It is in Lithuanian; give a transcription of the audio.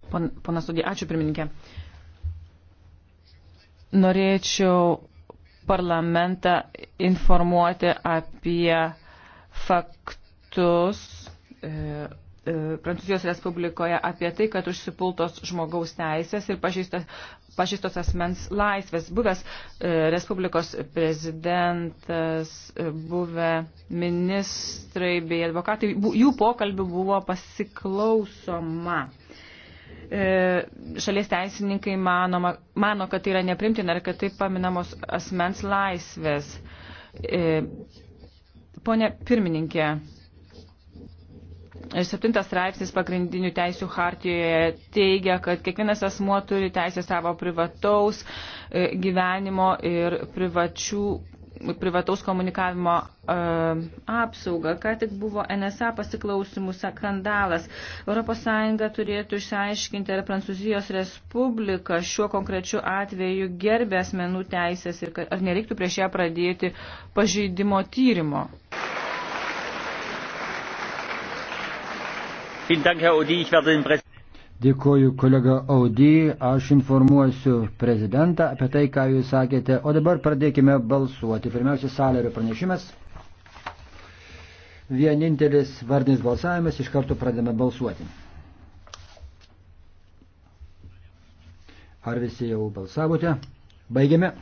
Ponas Sudė, ačiū pirmininkė. Norėčiau parlamentą informuoti apie faktus e, e, Prancūzijos Respublikoje apie tai, kad užsipultos žmogaus teisės ir pažįstas, pažįstos asmens laisvės. Buvęs e, Respublikos prezidentas, e, buvę ministrai bei advokatai, bu, jų pokalbių buvo pasiklausoma. E, E, šalies teisininkai manoma, mano, kad tai yra neprimtina ir kad taip paminamos asmens laisvės. E, pone pirmininkė, septintas straipsnis pagrindinių teisių hartijoje teigia, kad kiekvienas asmuo turi teisę savo privataus e, gyvenimo ir privačių privataus komunikavimo uh, apsaugą. Ką tik buvo NSA pasiklausimų skandalas. ES turėtų išsiaiškinti, ar Prancūzijos Respublika šiuo konkrečiu atveju gerbė asmenų teisės ir ar nereiktų prieš ją pradėti pažeidimo tyrimo. Vielen Dank, Herr Odi. Ich werde den Präsidenten. Dėkoju kolega Audy, aš informuosiu prezidentą apie tai, ką jūs sakėte. O dabar pradėkime balsuoti. Pirmiausia, salerio pranešimas. Vienintelis vardinis balsavimas, iš karto pradėme balsuoti. Ar visi jau balsavote? Baigiame.